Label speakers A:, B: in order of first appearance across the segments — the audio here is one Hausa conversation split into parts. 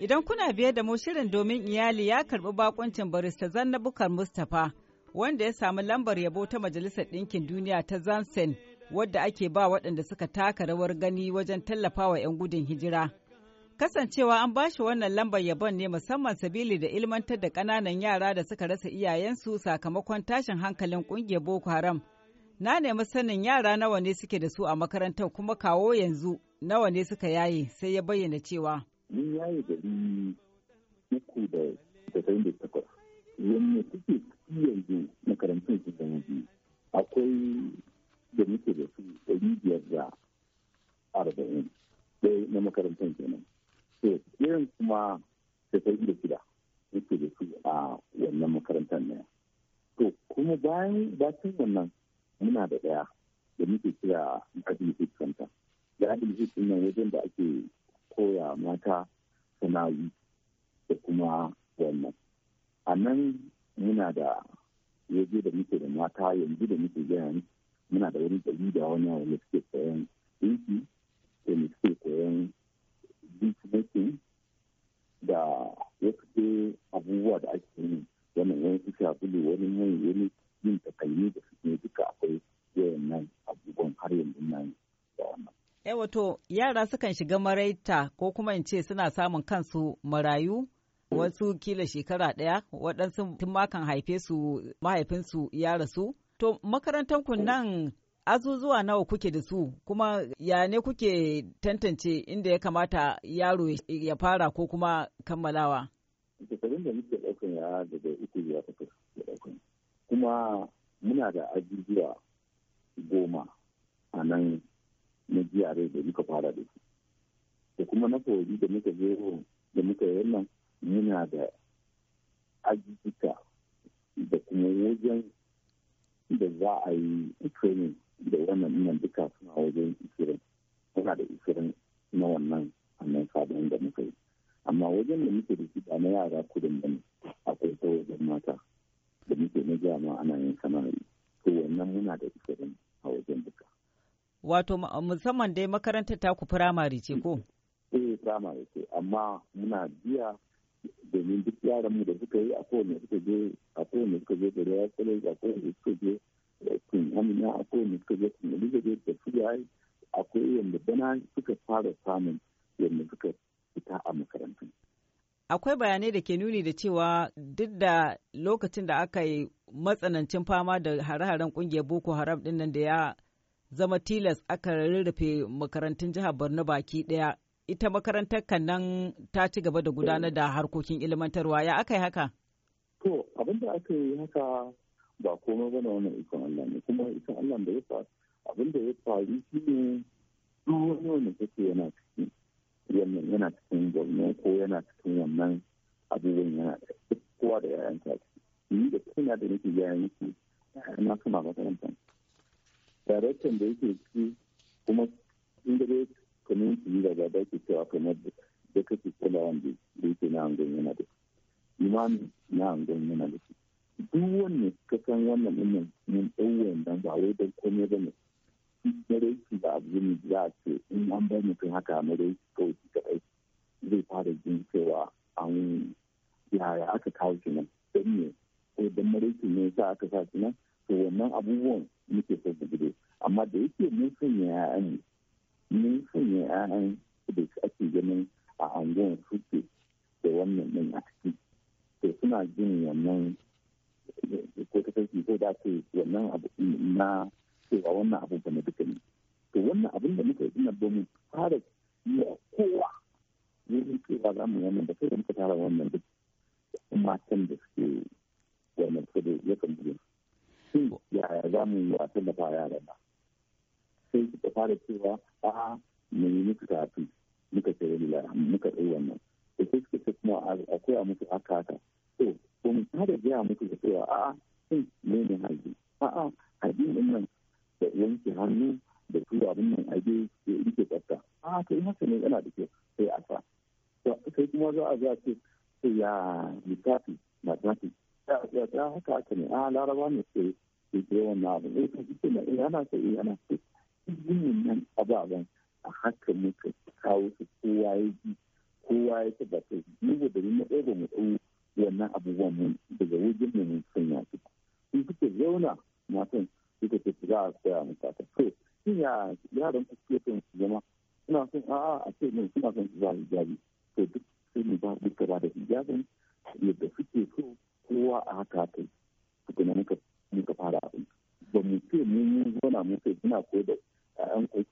A: Idan kuna biye da mu shirin domin iyali ya karbi bakuncin barista Zanna Bukar Mustapha wanda ya samu lambar yabo ta Majalisar Ɗinkin Duniya ta Zansen wadda ake ba waɗanda suka taka rawar gani wajen tallafawa 'yan gudun hijira. Kasancewa an bashi wannan lambar yabon ne musamman sabili da ilmantar da ƙananan yara da suka rasa iyayensu sakamakon tashin hankalin ƙungiyar Boko Haram. Na nemi sanin yara nawa ne suke da su a makarantar kuma kawo yanzu nawa ne suka yaye sai ya bayyana cewa
B: mun yaye gari uku da tasa'in da takwas wanda suke ciki yanzu makarantun su zama biyu akwai da muke da su dari biyar da arba'in ɗaya na makarantar kenan to irin kuma tasa'in da shida muke da su a wannan makarantar ne to kuma bayan bacin wannan muna da ɗaya da muke kira adil center da adil nan wajen da ake koya mata yi da kuma wannan a nan muna da waje da muke da mata yanzu da muke gaya muna da wani ɗari da wani wanda suke sayan ɗinki
A: wato yara sukan shiga maraita ko kuma in ce suna samun kansu marayu wasu kila shekara ɗaya waɗansu tun makan haife su mahaifinsu ya rasu. To makarantar ku nan azuzuwa nawa kuke da su kuma ya ne kuke tantance inda ya kamata yaro ya fara ko kuma kammalawa?
B: Shekarun da muke ɗaukan ya daga uku zuwa takwas Kuma muna da ajujuwa goma a nan na jiyarai da muka fara da su. Da kuma na kori da muka zero da muka yi muna da ajijika da kuma wajen da za a yi training da wannan nan duka suna wajen isirin muna da isirin na wannan annan sabon da muka yi amma wajen da muke da shi ba na yara kudin ne
A: wato musamman dai makarantar taku firamare ce ko?
B: Eh firamare ce amma muna biya domin duk yaran mu da suka yi a kowane suka je a kowane suka je da ya College a kowane suka je eh, kun amina a kowane suka je kun Elizabeth da a akwai yadda bana suka fara samun yadda suka fita a makarantar.
A: Akwai bayanai da ke nuni da cewa duk da lokacin da aka yi matsanancin fama da hare-haren kungiyar Boko Haram din nan da ya zama tilas aka rarrafe makarantun jihar Borno baki ɗaya. Ita makarantar kan nan ta ci gaba da gudanar da harkokin ilmantarwa ya aka yi haka?
B: To, abin da aka yi haka ba komai bane wannan ikon Allah ne kuma ikon Allah da ya faru abin da ya faru shi ne duk wani wanda take yana cikin wannan yana cikin gwamnati ko yana cikin wannan abubuwan yana kowa da yayan ta ni da kuna da nake yayan ki na kuma makarantar daraktan da yake ci kuma indirect community da ba da ke cewa kamar da kake wanda da yake na hangon yana da imani na hangon yana da shi duk wanne ka san wannan ɗinnan mun ɗauwayen dan ba wai don kome ba ne maraici da abu ne za a ce in an bar mutum haka maraici kawai ɗai zai fara jin cewa an yaya aka kawo shi nan don ne ko don aiki ne za a kasa su nan to wannan abubuwan muke son da gudu amma da yake mun sanya ya'yan mun sanya ya'yan da ake ganin a anguwan suke da wannan din a ciki to suna jin wannan ko ta kai ko da ce wannan abu na cewa wannan abu ba na duka ne to wannan abin da muka yi domin fara yi kowa yanzu cewa za mu yi wannan da kai da muka tara wannan duk matan da cewa a mun muka tafi muka sayi wani muka ɗau wannan da sai suka ce kuma a koya musu haka haka to ko mu kada gaya musu da cewa a sun ne ne haji a a haji ne nan da yanke hannu da tura abin nan a aje ya rike tsafta a to in haka ne yana da kyau sai a sa to sai kuma za a za ce sai ya littafi tafi ya ta haka haka ne a laraba ne sai ke wannan abin eh to eh, ana sai eh, ana sai duk nan ababen a haka muka kawo su kowa ya ji kowa ya taba ta mu da gari na ɗaya mu ɗau wannan abubuwan mu daga wajen mu mun sanya su in suka zauna matan suka ce za a koya mu ta ta so ya yaran ku suke son su zama suna son a'a a ce min suna son su za su to duk sai mu ba duka ba da hijabin yadda suke so kowa a haka kai tukuna muka fara abin ba mu ce mun zauna mun sai suna koyar da ƴaƴan ku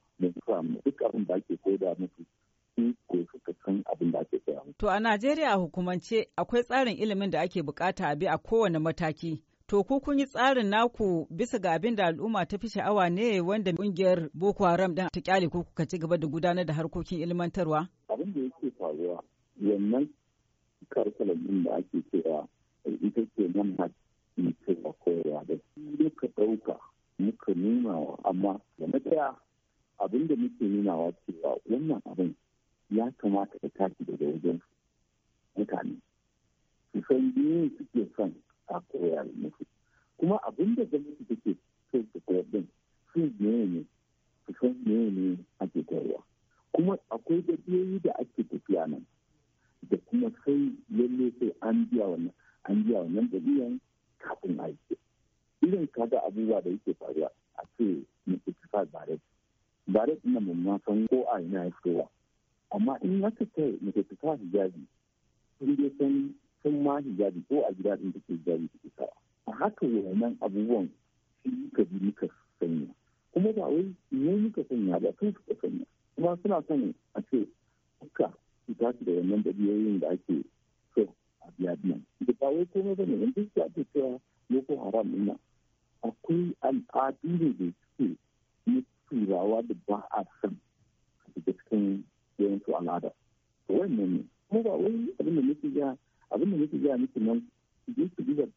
B: da mu duk abin da ake koda musu sun ko suka san abin da ake koya musu.
A: To a Najeriya a hukumance akwai tsarin ilimin da ake bukata a bi a kowane mataki. To ko kun yi tsarin naku bisa ga abin da al'umma ta fi sha'awa ne wanda kungiyar Boko Haram din ta kyale ko kuka ci gaba da gudanar da harkokin ilmantarwa?
B: Abin da yake faruwa wannan karkalar da ake cewa abin da muke nunawa cewa wannan abin ya kamata ta tashi daga wajen mutane su san suke son a koya musu kuma abin da gwamnati take so su koyar din su biye ne su san ne ake koyarwa kuma akwai gajiyoyi da ake tafiya nan da kuma sai lalle sai an biya wannan amma in mace ta mace ta sa hijabi sun je san sun ma hijabi ko a gida din take hijabi take a haka wannan abubuwan shi ka bi muka sanya kuma ba wai ne muka sanya ba kai suka sanya kuma suna son a ce duka su tashi da wannan dabiyoyin da ake so a biya biyan da ba wai komai ba ne yanzu su ake cewa boko haram ina, akwai al'adu ne da suke na turawa da ba a san a cikin yawanci al'ada to wannan ne kuma ba wai abin da nake ga abin da nake ga miki nan idan su duba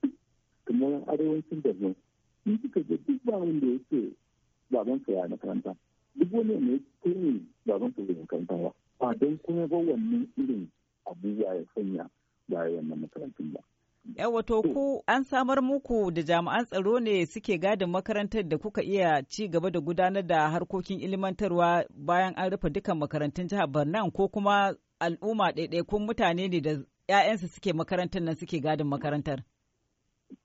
B: kamar arewacin zuwa in kika ga duk ba wanda yake baban sa ya makaranta duk wani ne ko ne baban sa ya makaranta ba ba don kuma ba wannan irin abubuwa ya sanya ba wannan makarantun ba
A: Yawato ku an samar muku da jami'an tsaro ne suke gadin makarantar da kuka iya ci gaba da gudanar da harkokin ilimantarwa bayan an rufe dukkan makarantun jihar Barnan ko kuma al'umma kun mutane ne da 'ya'yansu suke makarantar nan suke gadin makarantar.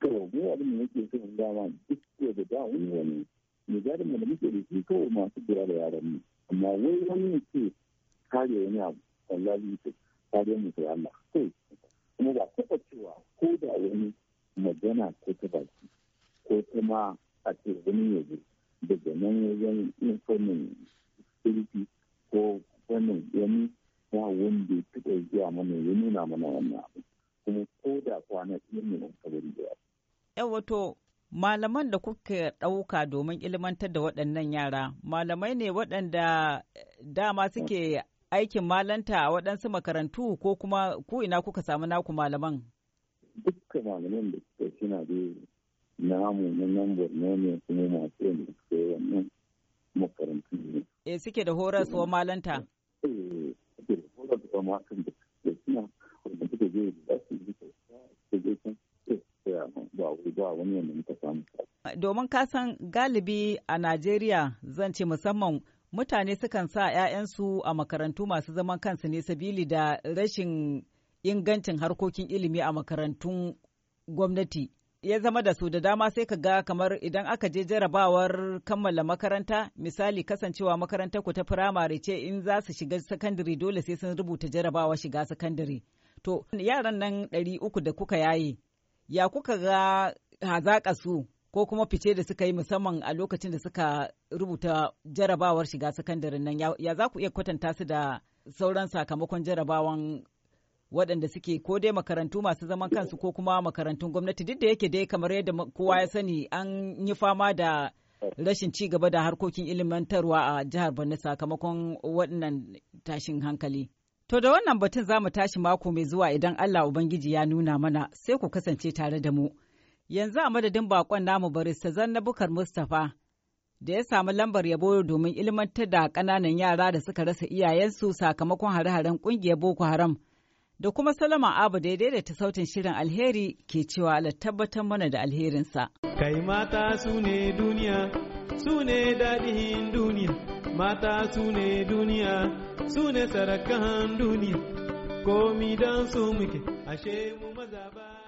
B: To, mu abin da yake so in dama duk da dawo wani mu gadin da muke da shi ko masu kula da yaran mu. Amma wai wani ne ce kare wani abu, wallahi kare mu sai Allah. Kai, kuma a ce wani yaje daga nan wajen informin security ko wannan yanni ya wanda ya taɓa zuwa mana ya nuna mana wannan abu kuma ko da kwana ɗin ne wani kabar da
A: yawa. wato malaman da kuka ɗauka domin ilmantar da waɗannan yara malamai ne waɗanda eh, dama suke aikin malanta a waɗansu makarantu ko kuma ku ina kuka samu naku malaman. Dukkan
B: malaman da suka suna da namu na nan borno ne kuma masu yin suke wannan makarantu ne.
A: E suke da horaswa malanta? Eh,
B: suke da horaswa malanta da suna wanda suke je da za su yi suke je can ba ba wani wanda muka samu.
A: Domin ka san galibi a Najeriya zan ce musamman mutane sukan sa 'ya'yansu a makarantu masu zaman kansu ne sabili da rashin ingancin harkokin ilimi a makarantun gwamnati. ya zama da su da dama sai ka ga kamar idan aka je jarabawar kammala makaranta misali kasancewa makarantar ku ta firamare ce in za su shiga sakandare dole sai sun rubuta jarabawa shiga sakandare to yaran nan ɗari uku da kuka yaye ya kuka ga hazaƙa su ko kuma fice da suka yi musamman a lokacin da suka rubuta jarabawar shiga sakandare nan ya za ku iya kwatanta su da sauran sakamakon jarabawan waɗanda suke ko dai makarantu masu zaman kansu ko kuma makarantun gwamnati duk da yake dai kamar yadda kowa ya sani an yi fama da rashin ci gaba da harkokin ilimantarwa a jihar Borno sakamakon waɗannan tashin hankali. To da wannan batun za mu tashi mako mai zuwa idan Allah Ubangiji ya nuna mana sai ku kasance tare da mu. Yanzu a madadin bakon namu barista zanna bukar Mustapha da ya samu lambar yabo domin ilmantar da ƙananan yara da suka rasa iyayensu sakamakon hare-haren ƙungiyar Boko Haram. da kuma Salama Abu da ya daidaita sautin shirin alheri ke cewa Allah tabbatar mana da alherinsa. Kai mata su ne duniya, su ne daɗin duniya, mata su ne duniya, su ne sarakan duniya, komi don su muke, ashe mu maza ba.